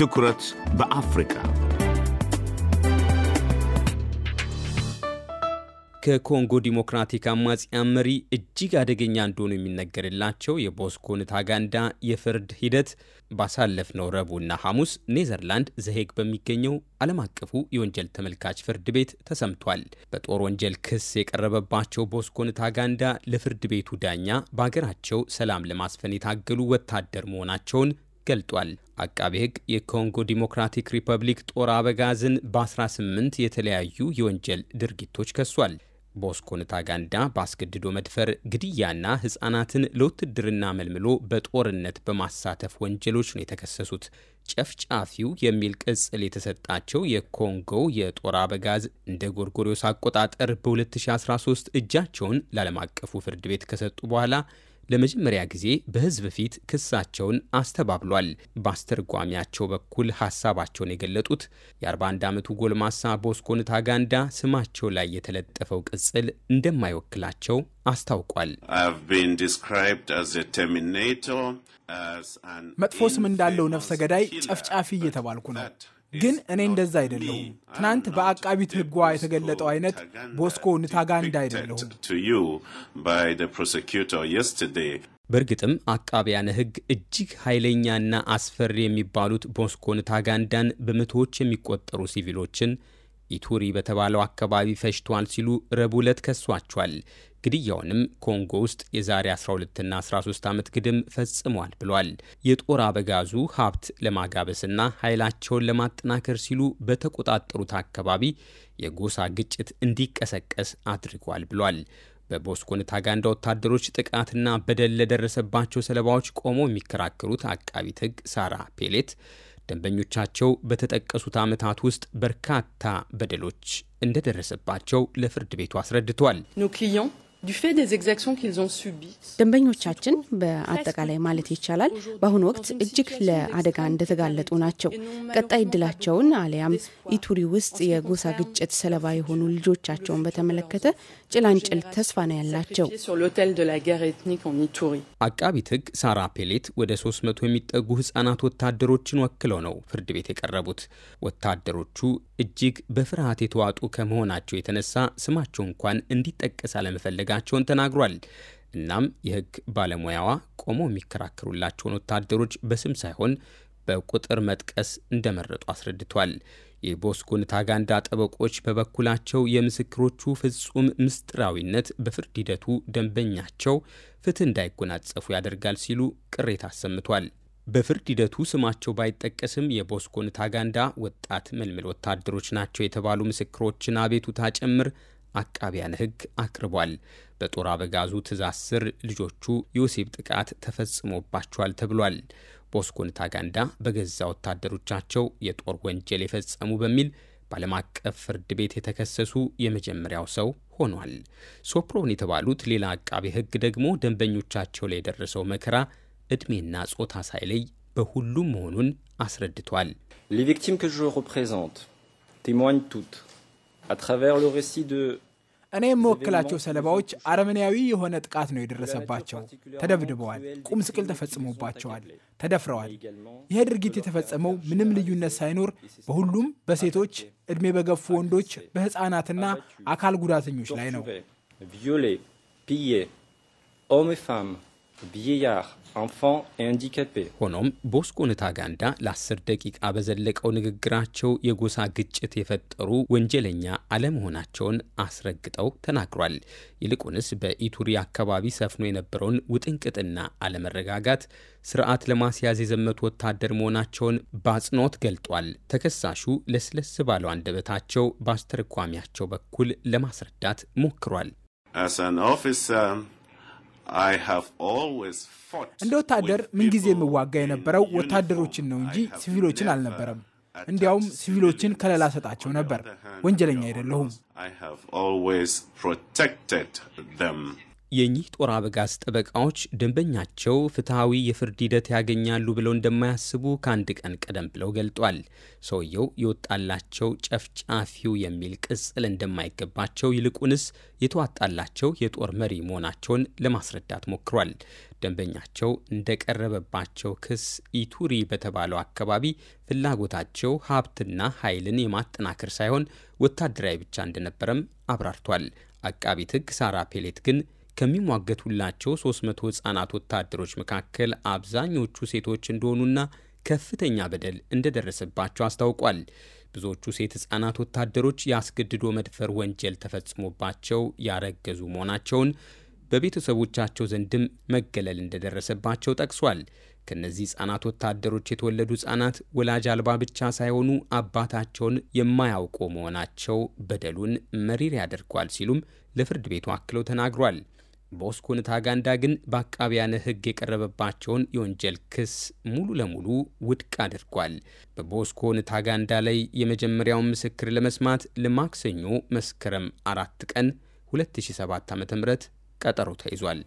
ትኩረት በአፍሪካ ከኮንጎ ዲሞክራቲክ አማጽያን መሪ እጅግ አደገኛ እንደሆኑ የሚነገርላቸው የቦስኮ ንታጋንዳ የፍርድ ሂደት ባሳለፍነው ረቡዕና ሐሙስ ኔዘርላንድ ዘሄግ በሚገኘው ዓለም አቀፉ የወንጀል ተመልካች ፍርድ ቤት ተሰምቷል። በጦር ወንጀል ክስ የቀረበባቸው ቦስኮ ንታጋንዳ ለፍርድ ቤቱ ዳኛ በአገራቸው ሰላም ለማስፈን የታገሉ ወታደር መሆናቸውን ገልጧል። አቃቤ ሕግ የኮንጎ ዲሞክራቲክ ሪፐብሊክ ጦር አበጋዝን በ18 የተለያዩ የወንጀል ድርጊቶች ከሷል። ቦስኮ ንታጋንዳ በአስገድዶ መድፈር ግድያና ሕፃናትን ለውትድርና መልምሎ በጦርነት በማሳተፍ ወንጀሎች ነው የተከሰሱት። ጨፍጫፊው የሚል ቅጽል የተሰጣቸው የኮንጎ የጦር አበጋዝ እንደ ጎርጎሪዮስ አቆጣጠር በ2013 እጃቸውን ለዓለም አቀፉ ፍርድ ቤት ከሰጡ በኋላ ለመጀመሪያ ጊዜ በህዝብ ፊት ክሳቸውን አስተባብሏል። በአስተርጓሚያቸው በኩል ሀሳባቸውን የገለጡት የ41 ዓመቱ ጎልማሳ ቦስኮ ንታጋንዳ ስማቸው ላይ የተለጠፈው ቅጽል እንደማይወክላቸው አስታውቋል። መጥፎ ስም እንዳለው ነፍሰ ገዳይ ጨፍጫፊ እየተባልኩ ነው። ግን እኔ እንደዛ አይደለሁም። ትናንት በአቃቢት ሕጓ የተገለጠው አይነት ቦስኮ ንታጋንዳ አይደለሁም። በእርግጥም አቃቢያነ ሕግ እጅግ ኃይለኛና አስፈሪ የሚባሉት ቦስኮ ንታጋንዳን በመቶዎች የሚቆጠሩ ሲቪሎችን ኢቱሪ በተባለው አካባቢ ፈጅቷል ሲሉ ረቡዕ ዕለት ከሷቸዋል። ግድያውንም ኮንጎ ውስጥ የዛሬ 12ና 13 ዓመት ግድም ፈጽሟል ብሏል። የጦር አበጋዙ ሀብት ለማጋበስና ኃይላቸውን ለማጠናከር ሲሉ በተቆጣጠሩት አካባቢ የጎሳ ግጭት እንዲቀሰቀስ አድርጓል ብሏል። በቦስኮን ታጋንዳ ወታደሮች ጥቃትና በደል ለደረሰባቸው ሰለባዎች ቆመው የሚከራከሩት አቃቢት ሕግ ሳራ ፔሌት ደንበኞቻቸው በተጠቀሱት ዓመታት ውስጥ በርካታ በደሎች እንደደረሰባቸው ለፍርድ ቤቱ አስረድቷል። ደንበኞቻችን በአጠቃላይ ማለት ይቻላል በአሁኑ ወቅት እጅግ ለአደጋ እንደተጋለጡ ናቸው። ቀጣይ እድላቸውን አሊያም ኢቱሪ ውስጥ የጎሳ ግጭት ሰለባ የሆኑ ልጆቻቸውን በተመለከተ ጭላንጭል ተስፋ ነው ያላቸው። አቃቢት ሕግ ሳራ ፔሌት ወደ 300 የሚጠጉ ህጻናት ወታደሮችን ወክለው ነው ፍርድ ቤት የቀረቡት። ወታደሮቹ እጅግ በፍርሃት የተዋጡ ከመሆናቸው የተነሳ ስማቸው እንኳን እንዲጠቀስ አለመፈለጋ መወሰዳቸውን ተናግሯል። እናም የህግ ባለሙያዋ ቆሞ የሚከራከሩላቸውን ወታደሮች በስም ሳይሆን በቁጥር መጥቀስ እንደመረጡ አስረድቷል። የቦስኮ ንታጋንዳ ጠበቆች በበኩላቸው የምስክሮቹ ፍጹም ምስጢራዊነት በፍርድ ሂደቱ ደንበኛቸው ፍትህ እንዳይጎናጸፉ ያደርጋል ሲሉ ቅሬታ አሰምቷል። በፍርድ ሂደቱ ስማቸው ባይጠቀስም የቦስኮ ንታጋንዳ ወጣት ምልምል ወታደሮች ናቸው የተባሉ ምስክሮችን አቤቱታ ጭምር አቃቢያን ሕግ አቅርቧል። በጦር አበጋዙ ትእዛዝ ስር ልጆቹ የወሲብ ጥቃት ተፈጽሞባቸዋል ተብሏል። ቦስኮ ንታጋንዳ በገዛ ወታደሮቻቸው የጦር ወንጀል የፈጸሙ በሚል በዓለም አቀፍ ፍርድ ቤት የተከሰሱ የመጀመሪያው ሰው ሆኗል። ሶፕሮን የተባሉት ሌላ አቃቤ ሕግ ደግሞ ደንበኞቻቸው ላይ የደረሰው መከራ ዕድሜና ጾታ ሳይለይ በሁሉም መሆኑን አስረድቷል። ሌ ቪክቲም እኔ የምወክላቸው ሰለባዎች አረመኔያዊ የሆነ ጥቃት ነው የደረሰባቸው። ተደብድበዋል፣ ቁም ስቅል ተፈጽሞባቸዋል፣ ተደፍረዋል። ይህ ድርጊት የተፈጸመው ምንም ልዩነት ሳይኖር በሁሉም በሴቶች፣ ዕድሜ በገፉ ወንዶች፣ በሕፃናትና አካል ጉዳተኞች ላይ ነው። ኤንዲካፔ። ሆኖም ቦስኮ ንታጋንዳ ለ10 ደቂቃ በዘለቀው ንግግራቸው የጎሳ ግጭት የፈጠሩ ወንጀለኛ አለመሆናቸውን አስረግጠው ተናግሯል። ይልቁንስ በኢቱሪ አካባቢ ሰፍኖ የነበረውን ውጥንቅጥና አለመረጋጋት ስርዓት ለማስያዝ የዘመቱ ወታደር መሆናቸውን በአጽንኦት ገልጧል። ተከሳሹ ለስለስ ባለው አንደበታቸው በአስተርጓሚያቸው በኩል ለማስረዳት ሞክሯል። እንደ ወታደር ምንጊዜ የምዋጋ የነበረው ወታደሮችን ነው እንጂ ሲቪሎችን አልነበረም። እንዲያውም ሲቪሎችን ከለላ ሰጣቸው ነበር። ወንጀለኛ አይደለሁም። የእኚህ ጦር አበጋዝ ጠበቃዎች ደንበኛቸው ፍትሐዊ የፍርድ ሂደት ያገኛሉ ብለው እንደማያስቡ ከአንድ ቀን ቀደም ብለው ገልጧል። ሰውየው የወጣላቸው ጨፍጫፊው የሚል ቅጽል እንደማይገባቸው ይልቁንስ የተዋጣላቸው የጦር መሪ መሆናቸውን ለማስረዳት ሞክሯል። ደንበኛቸው እንደቀረበባቸው ክስ ኢቱሪ በተባለው አካባቢ ፍላጎታቸው ሀብትና ኃይልን የማጠናከር ሳይሆን ወታደራዊ ብቻ እንደነበረም አብራርቷል። አቃቢት ሕግ ሳራ ፔሌት ግን ከሚሟገቱላቸው 300 ህጻናት ወታደሮች መካከል አብዛኞቹ ሴቶች እንደሆኑና ከፍተኛ በደል እንደደረሰባቸው አስታውቋል። ብዙዎቹ ሴት ህጻናት ወታደሮች የአስገድዶ መድፈር ወንጀል ተፈጽሞባቸው ያረገዙ መሆናቸውን በቤተሰቦቻቸው ዘንድም መገለል እንደደረሰባቸው ጠቅሷል። ከእነዚህ ህጻናት ወታደሮች የተወለዱ ህጻናት ወላጅ አልባ ብቻ ሳይሆኑ አባታቸውን የማያውቁ መሆናቸው በደሉን መሪር ያደርጓል ሲሉም ለፍርድ ቤቱ አክለው ተናግሯል። ቦስኮ ንታጋንዳ ግን በአቃቢያነ ሕግ የቀረበባቸውን የወንጀል ክስ ሙሉ ለሙሉ ውድቅ አድርጓል። በቦስኮ ንታጋንዳ ላይ የመጀመሪያውን ምስክር ለመስማት ለማክሰኞ መስከረም አራት ቀን 2007 ዓ.ም ቀጠሮ ተይዟል።